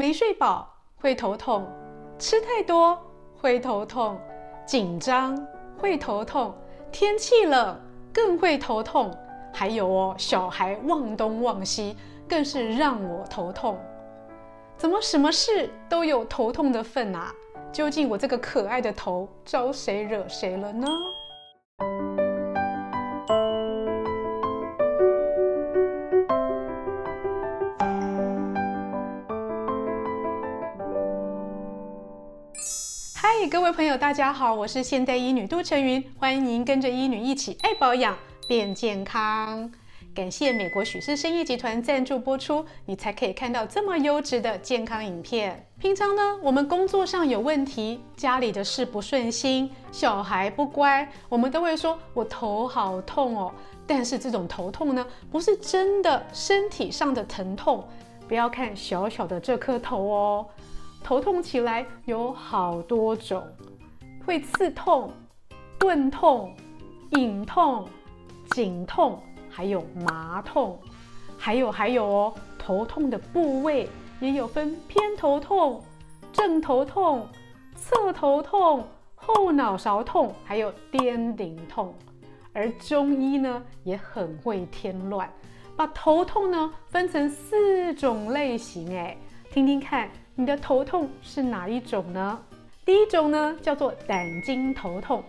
沒睡飽會頭痛，吃太多會頭痛，緊張會頭痛，天氣冷更會頭痛，還有哦，小孩忘東忘西更是讓我頭痛，怎麼什麼事都有頭痛的份啊？究竟我這個可愛的頭招誰惹誰了呢？嗨，Hi, 各位朋友，大家好，我是現代醫女杜丞蕓，歡迎跟着醫女一起愛保養變健康。感謝美國許氏生業集團贊助播出，你才可以看到這麼優質的健康影片。平常呢，我們工作上有問題，家裡的事不順心，小孩不乖，我們都會說“我頭好痛哦”。但是這種頭痛呢，不是真的身體上的疼痛，不要看小小的這顆頭哦。頭痛起來有好多種，會刺痛、鈍痛、隱痛、緊痛，還有麻痛。還有還有哦，頭痛的部位也有分偏頭痛、正頭痛、側頭痛、後腦勺痛，還有巔頂痛。而中醫呢，也很會添亂，把頭痛呢分成四種類型。哎，聽聽看。你的頭痛是哪一種呢？第一種呢，叫做膽經頭痛。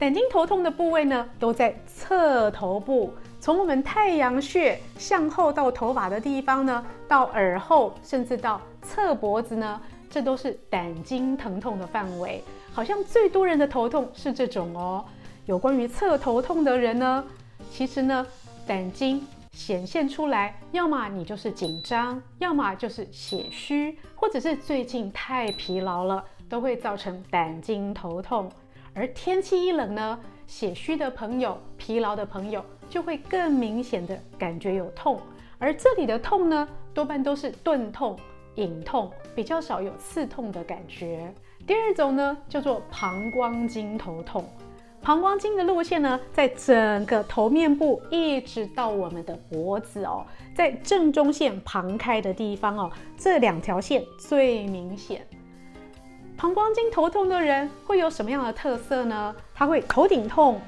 膽經頭痛的部位呢，都在側頭部，從我們太陽穴向後到頭髮的地方呢，到耳後，甚至到側脖子呢，這都是膽經疼痛的範圍。好像最多人的頭痛是這種哦。有關於側頭痛的人呢，其實呢，膽經。顯現出來，要麼你就是緊張，要麼就是血虛，或者是最近太疲勞了，都會造成膽經頭痛。而天氣一冷呢，血虛的朋友、疲勞的朋友就會更明顯的感覺有痛。而這裡的痛呢，多半都是鈍痛、隱痛，比較少有刺痛的感覺。第二種呢，叫做膀胱經頭痛。膀胱經的路線呢，在整個頭面部一直到我們的脖子哦，在正中線旁開的地方哦，這兩條線最明顯。膀胱經頭痛的人會有什麼樣的特色呢？他會頭頂痛、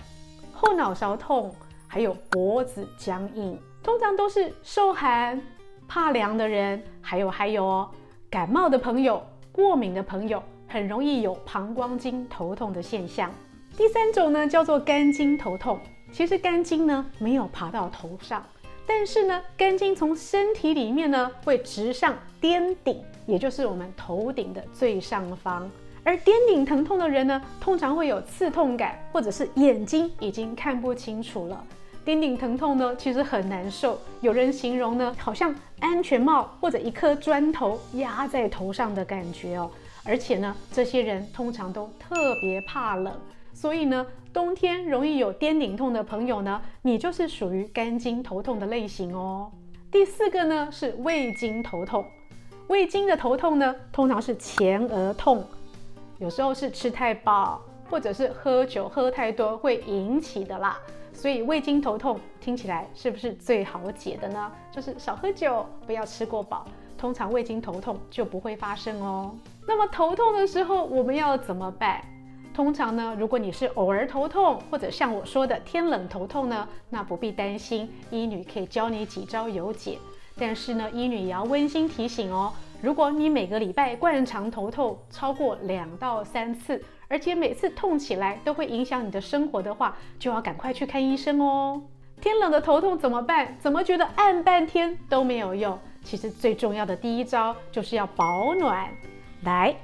後腦勺痛，還有脖子僵硬，通常都是受寒、怕涼的人，還有還有哦，感冒的朋友、過敏的朋友，很容易有膀胱經頭痛的現象。第三種呢，叫做肝經頭痛，其實肝經呢沒有爬到頭上，但是呢肝經從身體裡面呢會直上巔頂，也就是我們頭頂的最上方。而巔頂疼痛的人呢，通常會有刺痛感，或者是眼睛已經看不清楚了。巔頂疼痛呢其實很難受，有人形容呢好像安全帽或者一顆磚頭壓在頭上的感覺哦。而且呢這些人通常都特別怕冷。所以呢，冬天容易有巔頂痛的朋友呢，你就是屬於肝經頭痛的類型哦。第四個呢是胃經頭痛，胃經的頭痛呢通常是前額痛，有時候是吃太飽或者是喝酒喝太多會引起的啦。所以胃經頭痛聽起來是不是最好解的呢？就是少喝酒，不要吃過飽，通常胃經頭痛就不會發生哦。那麼頭痛的時候，我們要怎麼辦？通常呢，如果你是偶爾頭痛，或者像我說的天冷頭痛呢，那不必擔心，醫女可以教你幾招有解。但是呢，醫女也要溫馨提醒哦，如果你每個禮拜慣常頭痛超過兩到三次，而且每次痛起來都會影響你的生活的話，就要趕快去看醫生哦。天冷的頭痛怎麼辦？怎麼覺得按半天都沒有用？其實最重要的第一招就是要保暖。來。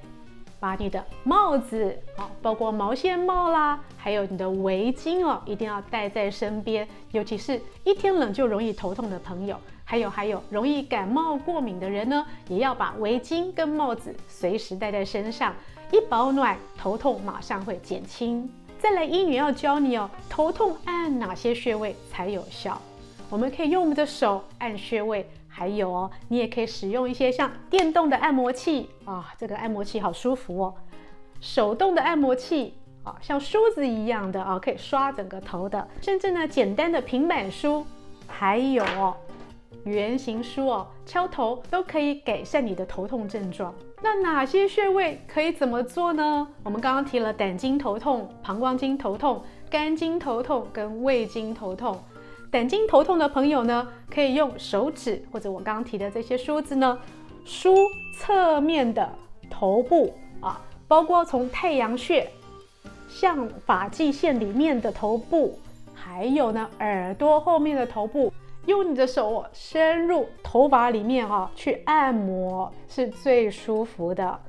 把你的帽子，包括毛線帽啦，還有你的圍巾哦，一定要戴在身邊。尤其是一天冷就容易頭痛的朋友，還有還有容易感冒過敏的人呢，也要把圍巾跟帽子隨時戴在身上，一保暖，頭痛馬上會減輕。再來，醫女要教你哦，頭痛按哪些穴位才有效。我們可以用我們的手按穴位，還有哦，你也可以使用一些像電動的按摩器啊、哦，這個按摩器好舒服哦。手動的按摩器啊、哦，像梳子一樣的啊、哦，可以刷整個頭的，甚至呢簡單的平板梳，還有哦，圓形梳哦，敲頭都可以改善你的頭痛症狀。那哪些穴位可以怎麼做呢？我們剛剛提了膽經頭痛、膀胱經頭痛、肝經頭痛跟胃經頭痛。膽經頭痛的朋友呢，可以用手指或者我剛剛提的這些梳子，呢，梳側面的頭部啊，包括從太陽穴向髮際線裡面的頭部，還有呢耳朵後面的頭部，用你的手伸入頭髮裡面哈、啊、去按摩是最舒服的。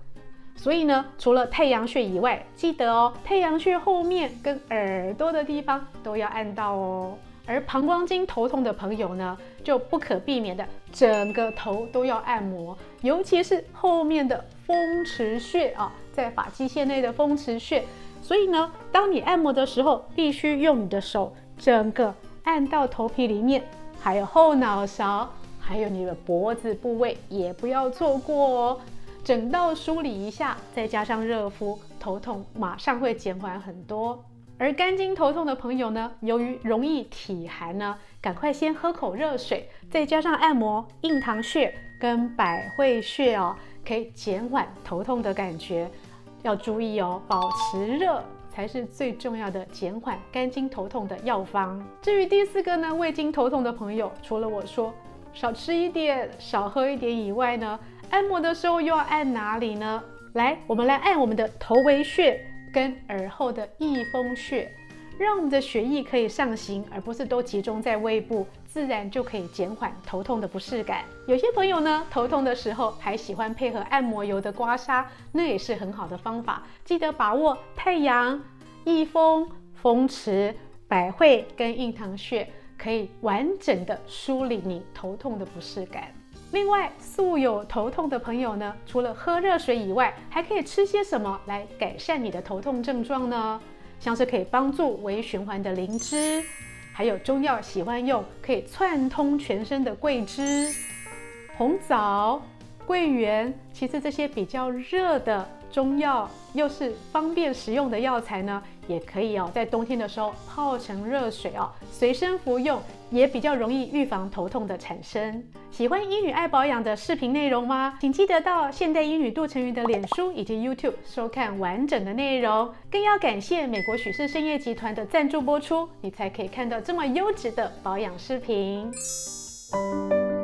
所以呢，除了太陽穴以外，記得哦，太陽穴後面跟耳朵的地方都要按到哦。而膀胱經頭痛的朋友呢，就不可避免的整個頭都要按摩，尤其是後面的風池穴啊，在髮際線內的風池穴。所以呢，當你按摩的時候，必須用你的手整個按到頭皮裡面，還有後腦勺，還有你的脖子部位也不要錯過哦。整道梳理一下，再加上熱敷，頭痛馬上會減緩很多。而肝經頭痛的朋友呢，由於容易體寒呢，趕快先喝口熱水，再加上按摩印堂穴跟百會穴哦，可以減緩頭痛的感覺。要注意哦，保持熱才是最重要的減緩肝經頭痛的藥方。至於第四個呢，胃經頭痛的朋友，除了我說少吃一點、少喝一點以外呢，按摩的時候又要按哪裡呢？來，我們來按我們的頭維穴。跟耳後的翳風穴，讓我們的血液可以上行，而不是都集中在胃部，自然就可以減緩頭痛的不適感。有些朋友呢，頭痛的時候還喜歡配合按摩油的刮痧，那也是很好的方法。記得把握太陽、翳風、風池、百會跟印堂穴，可以完整的梳理你頭痛的不適感。另外，素有頭痛的朋友呢，除了喝熱水以外，還可以吃些什麼來改善你的頭痛症狀呢？像是可以幫助微循環的靈芝，還有中藥喜歡用可以串通全身的桂枝、紅棗、桂圓。其實這些比較熱的中藥，又是方便食用的藥材呢。也可以哦，在冬天的時候泡成熱水哦，隨身服用也比較容易預防頭痛的產生。喜歡醫女愛保養的視頻內容嗎？請記得到現代醫女杜丞蕓的臉書以及 YouTube 收看完整的內容。更要感謝美國許氏參業集團的贊助播出，你才可以看到這麼優質的保養視頻。